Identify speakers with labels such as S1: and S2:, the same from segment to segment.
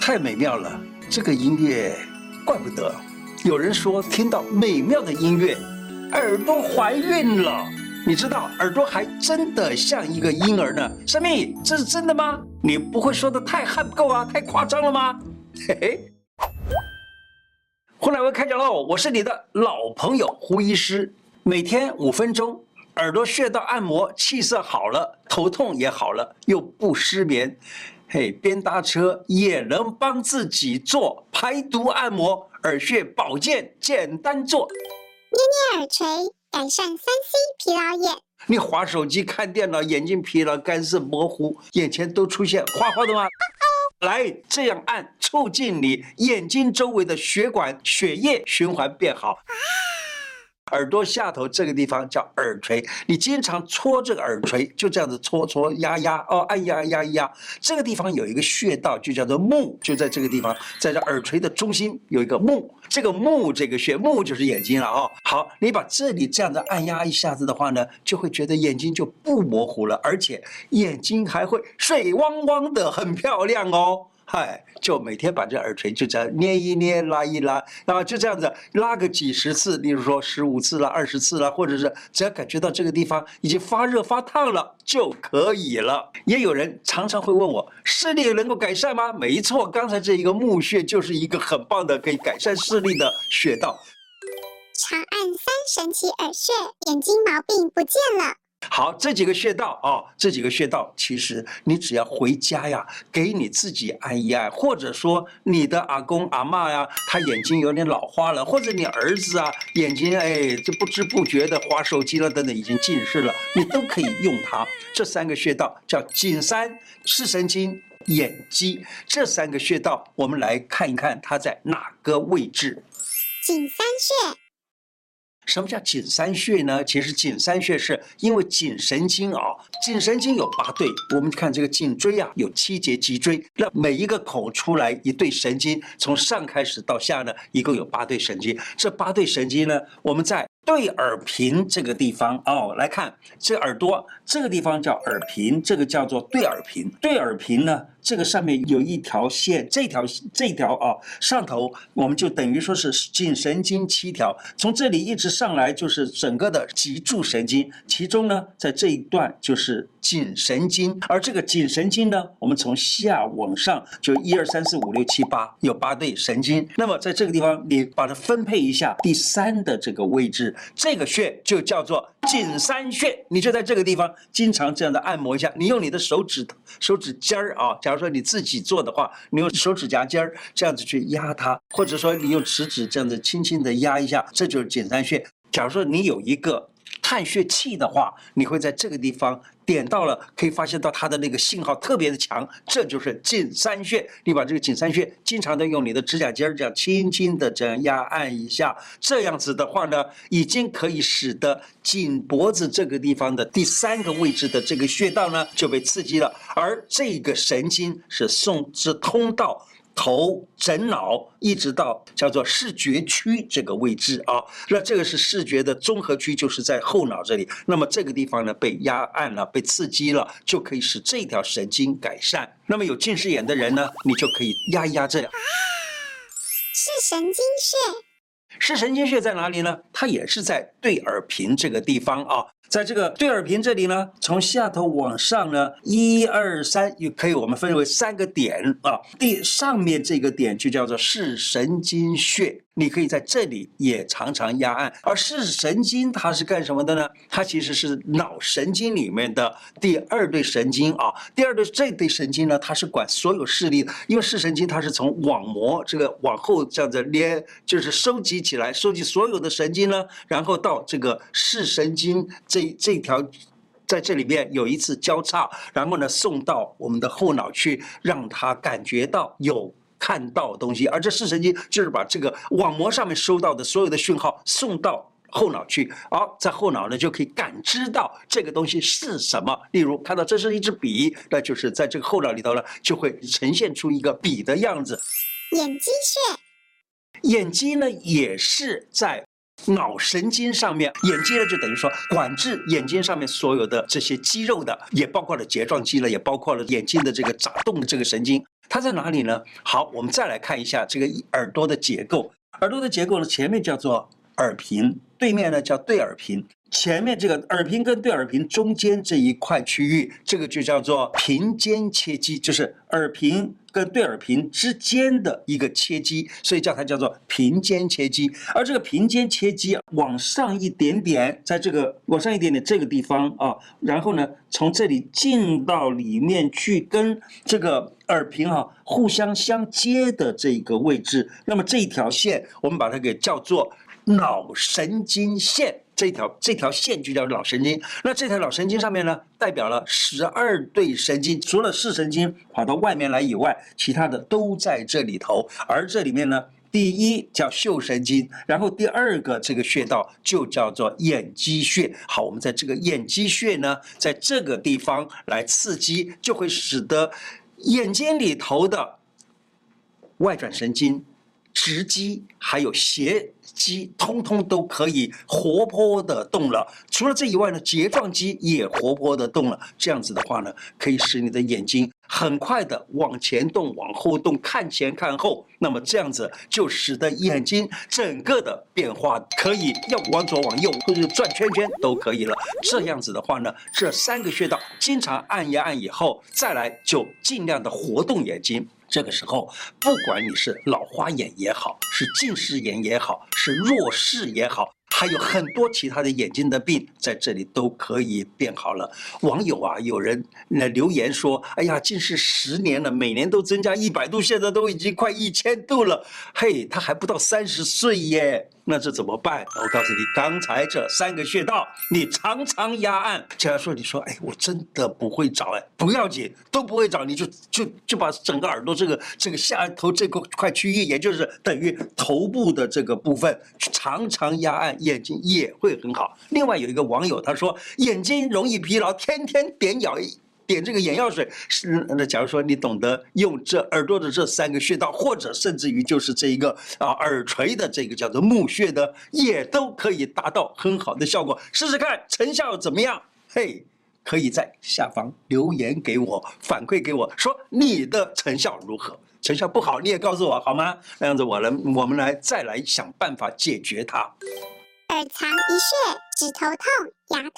S1: 太美妙了，這個音樂，怪不得有人說聽到美妙的音樂，耳朵懷孕了。你知道耳朵還真的像一個嬰兒呢。生命，這是真的嗎？你不會說的太汗不夠啊，太誇張了嗎？嘿嘿。胡乃文開講嘍，我是你的老朋友胡醫師，每天五分鐘耳朵穴道按摩，氣色好了，頭痛也好了，又不失眠。嘿、hey，邊搭車也能幫自己做排毒按摩、耳穴保健，簡單做。捏捏耳垂，改善三 C 疲勞眼。你滑手機、看電腦，眼睛疲勞、乾澀、模糊，眼前都出現花花的嗎？Oh, oh. 來，這樣按，促進你眼睛周圍的血管血液循環變好。Oh. 耳朵下頭這個地方叫耳垂，你經常搓這個耳垂，就這樣子搓搓壓壓壓哦，按壓壓壓壓。這個地方有一個穴道，就叫做目，就在這個地方，在這耳垂的中心有一個目。這個目這個穴目就是眼睛了啊哦。好，你把這裡這樣子按壓一下子的話呢，就會覺得眼睛就不模糊了，而且眼睛還會水汪汪的，很漂亮哦。嗨，就每天把這耳垂就這樣捏一捏，拉一拉，那麼就這樣子拉個幾十次，例如說十五次啦，二十次啦，或者是只要感覺到這個地方已經發熱發燙了就可以了。也有人常常會問我，視力能夠改善嗎？沒錯，剛才這一個目穴就是一個很棒的可以改善視力的穴道。常按三神奇耳穴，眼睛毛病不見了。好，這幾個穴道啊，這幾個穴道，其實你只要回家呀，給你自己按一按，或者說你的阿公阿嬤呀，他眼睛有點老花了，或者你兒子啊眼睛，哎，就不知不覺的滑手機了，等等，已經近視了，你都可以用它。這三個穴道叫頸三、視神經、眼肌，這三個穴道，我們來看一看它在哪個位置。頸三穴。什麼叫頸三穴呢？其實頸三穴是因為頸神經啊、哦，頸神經有八對。我們看這個頸椎啊，有七節脊椎，那每一個孔出來一對神經，從上開始到下呢，一共有八對神經。這八對神經呢，我們在，對耳屏這個地方哦，來看這耳朵，這個地方叫耳屏，這個叫做對耳屏。對耳屏呢，這個上面有一條線，這條這條啊、哦，上頭我們就等於說是頸神經七條，從這裡一直上來就是整個的脊柱神經，其中呢，在這一段就是頸神經。而這個頸神經呢，我們從下往上就一二三四五六七八，有八對神經。那麼在這個地方，你把它分配一下，第三的這個位置。這個穴就叫做頸三穴，你就在這個地方經常這樣的按摩一下。你用你的手指手指尖兒啊，假如說你自己做的話，你用手指甲尖兒這樣子去壓它，或者說你用食指這樣子輕輕的壓一下，這就是頸三穴。假如說你有一個。探穴器的話，你會在這個地方點到了，可以發現到它的那個信號特別的強，這就是頸三穴。你把這個頸三穴經常的用你的指甲尖兒這樣輕輕的這樣壓按一下，這樣子的話呢，已經可以使得頸脖子這個地方的第三個位置的這個穴道呢就被刺激了，而這個神經是送至通道，頭枕腦一直到叫做視覺區這個位置啊，那這個是視覺的綜合區，就是在後腦這裡。那麼這個地方呢，被壓按了，被刺激了，就可以使這條神經改善。那麼有近視眼的人呢，你就可以壓一壓這樣啊，視神經穴，視神經穴在哪裡呢？它也是在對耳屏這個地方啊。在這個對耳屏這裡呢，從下頭往上呢，一二三，也可以我們分為三個點啊。第上面這個點就叫做視神經穴。你可以在這裡也常常壓按，而視神經它是幹什麼的呢？它其實是腦神經裡面的第二對神經啊。第二對這對神經呢，它是管所有視力的，因為視神經它是從網膜這個往後這樣子連，就是收集起來，收集所有的神經呢，然後到這個視神經這這條，在這裡面有一次交叉，然後呢送到我們的後腦去，讓它感覺到有。看到東西，而這視神經就是把這個網膜上面收到的所有的訊號送到後腦去，好、哦，在後腦呢就可以感知到這個東西是什麼。例如，看到這是一支筆，那就是在這個後腦裡頭呢就會呈現出一個筆的樣子。眼肌穴，眼睛呢也是在腦神經上面，眼睛呢就等於說管制眼睛上面所有的這些肌肉的，也包括了睫狀肌了，也包括了眼睛的這個眨動的這個神經。它在哪裡呢？好，我們再來看一下這個耳朵的結構。耳朵的結構呢，前面叫做。耳屏，對面呢叫對耳屏，前面這個耳屏跟對耳屏中間這一塊區域，這個就叫做屏間切跡，就是耳屏跟對耳屏之間的一個切跡，所以叫它叫做屏間切跡。而這個屏間切跡往上一點點，在這個往上一點點這個地方啊，然後呢從這裡進到裡面去跟這個耳屏啊互相相接的這個位置，那麼這一條線我們把它給叫做。腦神經線，這條這條線就叫腦神經，那這條腦神經上面呢，代表了十二對神經，除了視神經跑到外面來以外，其他的都在這裡頭。而這裡面呢，第一叫嗅神經，然後第二個這個穴道就叫做眼肌穴。好，我們在這個眼肌穴呢，在這個地方來刺激，就會使得眼睛裡頭的外轉神經。直肌還有斜肌，通通都可以活潑的動了。除了這以外呢，睫狀肌也活潑的動了。這樣子的話呢，可以使你的眼睛很快的往前動、往後動，看前看後。那麼這樣子就使得眼睛整個的變化可以要往左、往右，或者轉圈圈都可以了。這樣子的話呢，這三個穴道經常按一按以後，再來就盡量的活動眼睛。這個時候，不管你是老花眼也好，是近視眼也好，是弱視也好，還有很多其他的眼睛的病，在這裡都可以變好了。網友啊，有人來留言說：“哎呀，近視十年了，每年都增加一百度，現在都已經快一千度了。”嘿，他還不到三十歲耶。那這怎麼辦？我告訴你，剛才這三個穴道，你常常壓按。假如說你說，哎，我真的不會找，欸，哎，不要緊，都不會找，你就就就把整個耳朵這個這個下頭這個塊區域，也就是等於頭部的這個部分，常常壓按，眼睛也會很好。另外有一個網友他說，眼睛容易疲勞，天天點眼。點這個眼藥水，是那假如說你懂得用這耳朵的這三個穴道，或者甚至於就是這一個啊耳垂的這個叫做目穴的，也都可以達到很好的效果。試試看成效怎麼樣？嘿，可以在下方留言給我反饋給我，說你的成效如何？成效不好你也告訴我好嗎？那樣子我來我們來再來想辦法解決它。耳藏一穴止頭痛牙痛。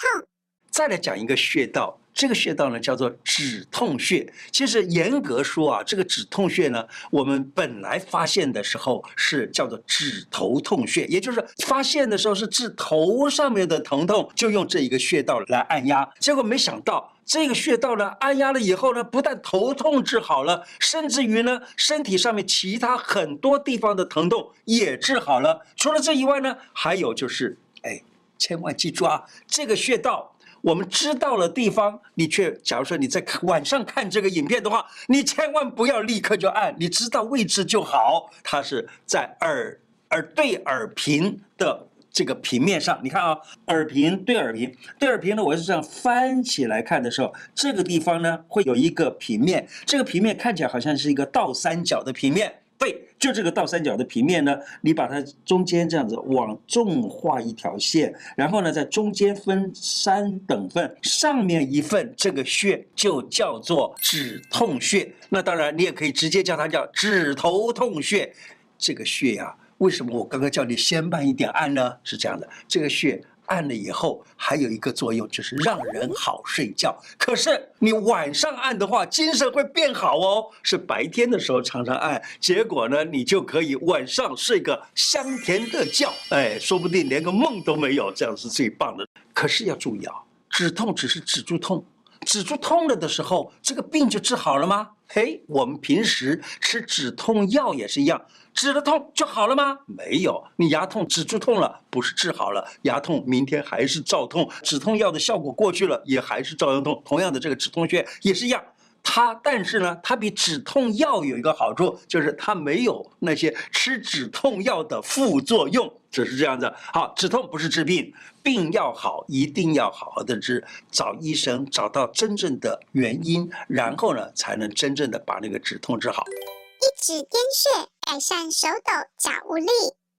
S1: 再來講一個穴道。這個穴道呢，叫做止痛穴。其實嚴格說啊，這個止痛穴呢，我們本來發現的時候是叫做止頭痛穴，也就是發現的時候是治頭上面的疼痛，就用這一個穴道來按壓。結果沒想到這個穴道呢，按壓了以後呢，不但頭痛治好了，甚至於呢，身體上面其他很多地方的疼痛也治好了。除了這以外呢，還有就是，哎，千萬記住啊，這個穴道。我們知道了地方，你卻假如說你在晚上看這個影片的話，你千萬不要立刻就按，你知道位置就好。它是在耳耳對耳屏的這個平面上。你看啊、哦，耳屏對耳屏，對耳屏呢，我是這樣翻起來看的時候，這個地方呢會有一個平面，這個平面看起來好像是一個倒三角的平面，對。就這個倒三角的平面呢，你把它中間這樣子往重畫一條線，然後呢，在中間分三等份，上面一份這個穴就叫做止痛穴。那當然，你也可以直接叫它叫止頭痛穴。這個穴呀、啊，為什麼我剛剛叫你先慢一點按呢？是這樣的，這個穴。按了以後還有一個作用，就是讓人好睡覺。可是你晚上按的話，精神會變好哦。是白天的時候常常按，結果呢，你就可以晚上睡個香甜的覺。哎，說不定連個夢都沒有，這樣是最棒的。可是要注意啊，止痛只是止住痛，止住痛了的時候，這個病就治好了嗎？嘿，我們平時吃止痛藥也是一樣，止了痛就好了嗎？沒有，你牙痛止住痛了，不是治好了牙痛，明天還是照痛。止痛藥的效果過去了，也還是照樣痛。同樣的，這個止痛穴也是一樣。它，但是呢，它比止痛藥有一個好處，就是它沒有那些吃止痛藥的副作用，只是這樣子。好，止痛不是治病，病要好，一定要好好的治，找醫生，找到真正的原因，然後呢，才能真正的把那個止痛治好。一止癲穴，改善手抖、腳無力。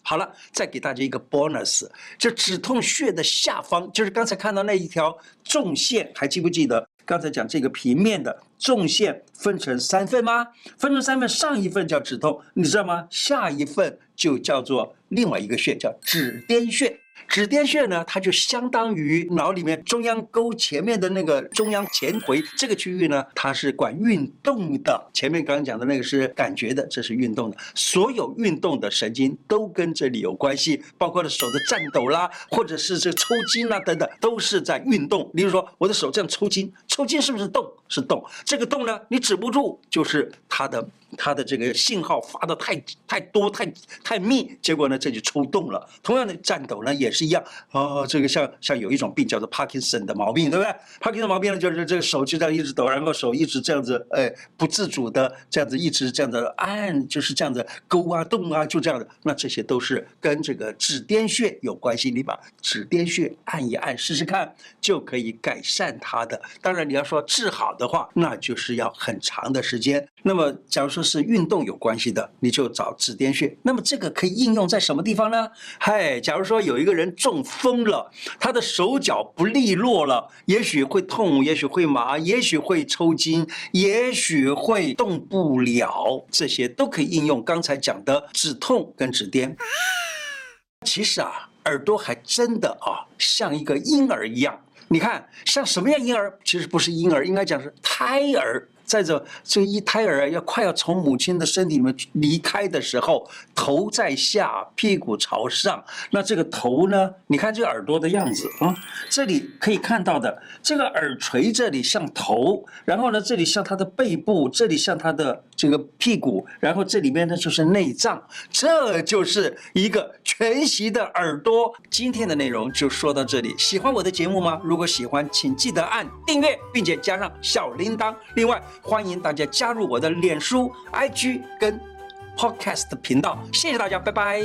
S1: 好了，再給大家一個 bonus，這止痛穴的下方，就是剛才看到那一條縱線，還記不記得？剛才講這個平面的縱線分成三份嗎？分成三份，上一份叫止痛，你知道嗎？下一份就叫做另外一個穴，叫止癲穴。止癲穴呢，它就相當於腦裡面中央溝前面的那個中央前回這個區域呢，它是管運動的。前面剛剛講的那個是感覺的，這是運動的。所有運動的神經都跟這裡有關係，包括了手的顫抖啦，或者是這個抽筋啦等等，都是在運動。例如說我的手這樣抽筋。抽筋是不是動？是動。這個動呢，你止不住，就是它的它的這個信號發的太太多、太太密，結果呢這就抽動了。同樣的顫抖呢也是一樣。哦，這個像像有一種病叫做 Parkinson 的毛病，對不對？Parkinson 毛病呢就是這個手就這樣一直抖，然後手一直這樣子，哎，不自主的這樣子一直這樣子按，就是這樣子勾啊動啊，就這樣的。那這些都是跟這個止癲穴有關係。你把止癲穴按一按試試看，就可以改善它的。當然。你要說治好的話，那就是要很長的時間。那麼，假如說是運動有關係的，你就找止癲穴。那麼，這個可以應用在什麼地方呢？嘿，假如說有一個人中風了，他的手腳不利落了，也許會痛，也許會麻，也許會抽筋，也許會動不了，這些都可以應用剛才講的止痛跟止癲。 其實啊。耳朵還真的啊，像一個嬰兒一樣。你看，像什麼樣嬰兒？其實不是嬰兒，應該講是胎兒。再者，這一胎兒要快要從母親的身體裡面離開的時候，頭在下，屁股朝上。那這個頭呢？你看這個耳朵的樣子啊，嗯，這裡可以看到的這個耳垂這裡像頭，然後呢，這裡像它的背部，這裡像它的這個屁股，然後這裡面呢就是內臟。這就是一個全息的耳朵。今天的內容就說到這裡。喜歡我的節目嗎？如果喜歡，請記得按訂閱，並且加上小鈴鐺。另外。歡迎大家加入我的臉書、IG 跟 Podcast 頻道，謝謝大家，拜拜。